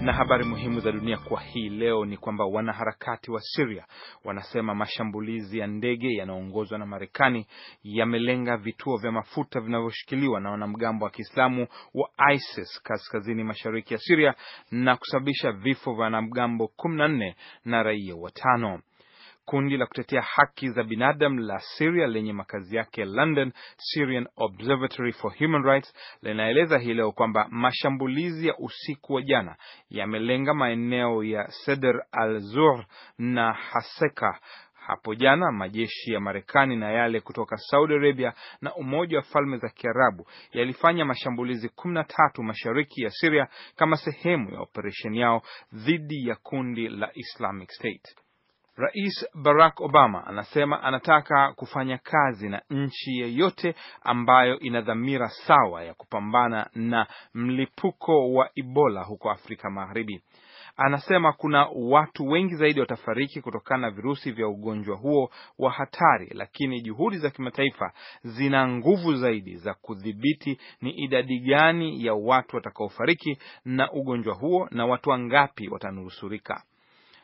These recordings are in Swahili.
Na habari muhimu za dunia kwa hii leo ni kwamba wanaharakati wa Syria wanasema mashambulizi ya ndege yanayoongozwa na Marekani yamelenga vituo vya mafuta vinavyoshikiliwa na wanamgambo wa Kiislamu wa ISIS kaskazini mashariki ya Syria na kusababisha vifo vya wanamgambo nne na raia watano. Kundi la kutetea haki za binadamu la Syria lenye makazi yake London, Syrian Observatory for Human Rights, linaeleza hii leo kwamba mashambulizi ya usiku wa jana yamelenga maeneo ya Seder al-Zur na Haseka. Hapo jana majeshi ya Marekani na yale kutoka Saudi Arabia na Umoja wa Falme za Kiarabu yalifanya mashambulizi 13 mashariki ya siria kama sehemu ya operesheni yao dhidi ya kundi la Islamic State. Rais Barack Obama anasema anataka kufanya kazi na nchi yeyote ambayo ina dhamira sawa ya kupambana na mlipuko wa Ebola huko Afrika Magharibi. Anasema kuna watu wengi zaidi watafariki kutokana na virusi vya ugonjwa huo wa hatari, lakini juhudi za kimataifa zina nguvu zaidi za kudhibiti ni idadi gani ya watu watakaofariki na ugonjwa huo na watu wangapi watanusurika.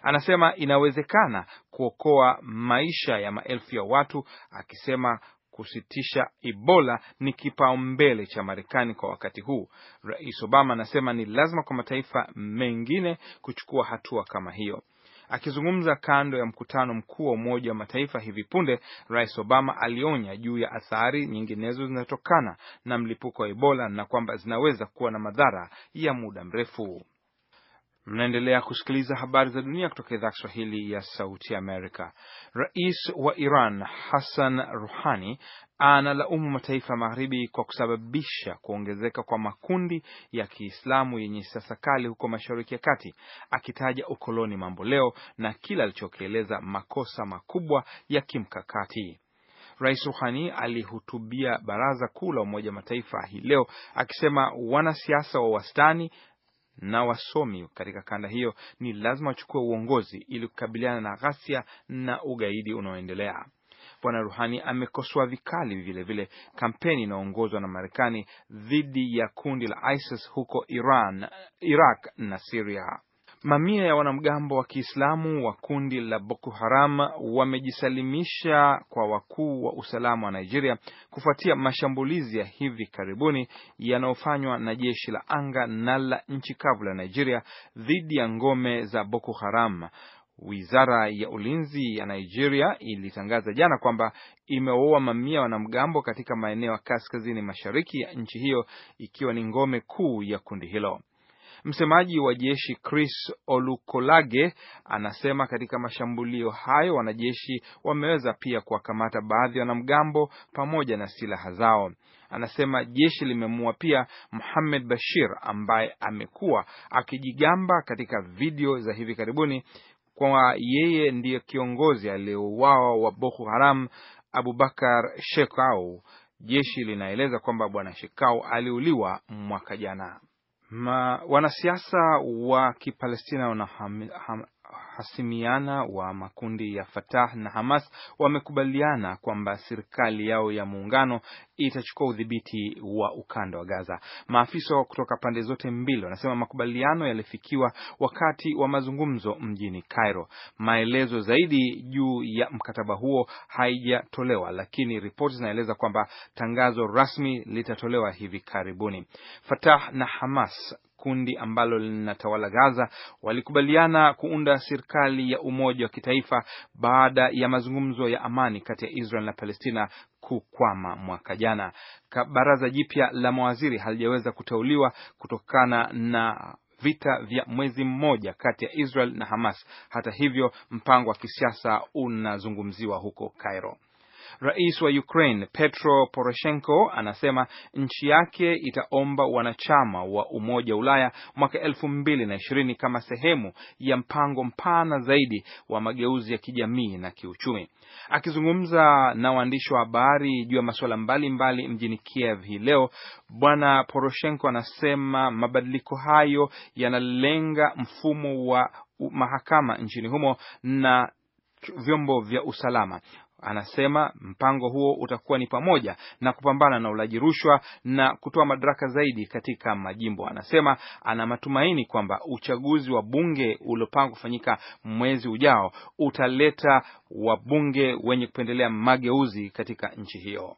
Anasema inawezekana kuokoa maisha ya maelfu ya watu, akisema kusitisha Ebola ni kipaumbele cha Marekani kwa wakati huu. Rais Obama anasema ni lazima kwa mataifa mengine kuchukua hatua kama hiyo. Akizungumza kando ya mkutano mkuu wa Umoja wa Mataifa hivi punde, Rais Obama alionya juu ya athari nyinginezo zinazotokana na mlipuko wa Ebola na kwamba zinaweza kuwa na madhara ya muda mrefu. Mnaendelea kusikiliza habari za dunia kutoka idhaa Kiswahili ya sauti Amerika. Rais wa Iran Hassan Ruhani analaumu mataifa ya magharibi kwa kusababisha kuongezeka kwa makundi ya Kiislamu yenye siasa kali huko Mashariki ya Kati, akitaja ukoloni mambo leo na kila alichokieleza makosa makubwa ya kimkakati. Rais Ruhani alihutubia Baraza Kuu la Umoja Mataifa hii leo akisema wanasiasa wa wastani na wasomi katika kanda hiyo ni lazima wachukue uongozi ili kukabiliana na ghasia na ugaidi unaoendelea. Bwana Ruhani amekosoa vikali vilevile vile kampeni inayoongozwa na, na Marekani dhidi ya kundi la ISIS huko Iran, Iraq na Siria. Mamia ya wanamgambo wa Kiislamu wa kundi la Boko Haram wamejisalimisha kwa wakuu wa usalama wa Nigeria kufuatia mashambulizi ya hivi karibuni yanayofanywa na jeshi la anga na la nchi kavu la Nigeria dhidi ya ngome za Boko Haram. Wizara ya ulinzi ya Nigeria ilitangaza jana kwamba imewaua mamia wanamgambo katika maeneo ya kaskazini mashariki ya nchi hiyo, ikiwa ni ngome kuu ya kundi hilo. Msemaji wa jeshi Chris Olukolage anasema katika mashambulio hayo wanajeshi wameweza pia kuwakamata baadhi ya wanamgambo pamoja na silaha zao. Anasema jeshi limemua pia muhamed Bashir ambaye amekuwa akijigamba katika video za hivi karibuni kwa yeye ndiye kiongozi aliyeuawa wa Boko Haram Abubakar Shekau. Jeshi linaeleza kwamba bwana Shekau aliuliwa mwaka jana. Ma, wanasiasa wa Kipalestina wanahamasisha hasimiana wa makundi ya Fatah na Hamas wamekubaliana kwamba serikali yao ya muungano itachukua udhibiti wa ukanda wa Gaza. Maafisa kutoka pande zote mbili wanasema makubaliano yalifikiwa wakati wa mazungumzo mjini Cairo. Maelezo zaidi juu ya mkataba huo haijatolewa, lakini ripoti zinaeleza kwamba tangazo rasmi litatolewa hivi karibuni. Fatah na Hamas kundi ambalo linatawala Gaza walikubaliana kuunda serikali ya umoja wa kitaifa baada ya mazungumzo ya amani kati ya Israel na Palestina kukwama mwaka jana. Baraza jipya la mawaziri halijaweza kuteuliwa kutokana na vita vya mwezi mmoja kati ya Israel na Hamas. Hata hivyo, mpango wa kisiasa unazungumziwa huko Cairo. Rais wa Ukraine Petro Poroshenko anasema nchi yake itaomba wanachama wa Umoja wa Ulaya mwaka elfu mbili na ishirini kama sehemu ya mpango mpana zaidi wa mageuzi ya kijamii na kiuchumi. Akizungumza na waandishi wa habari juu ya masuala mbalimbali mjini Kiev hii leo, Bwana Poroshenko anasema mabadiliko hayo yanalenga mfumo wa mahakama nchini humo na vyombo vya usalama. Anasema mpango huo utakuwa ni pamoja na kupambana na ulaji rushwa na kutoa madaraka zaidi katika majimbo. Anasema ana matumaini kwamba uchaguzi wa bunge uliopangwa kufanyika mwezi ujao utaleta wabunge wenye kupendelea mageuzi katika nchi hiyo.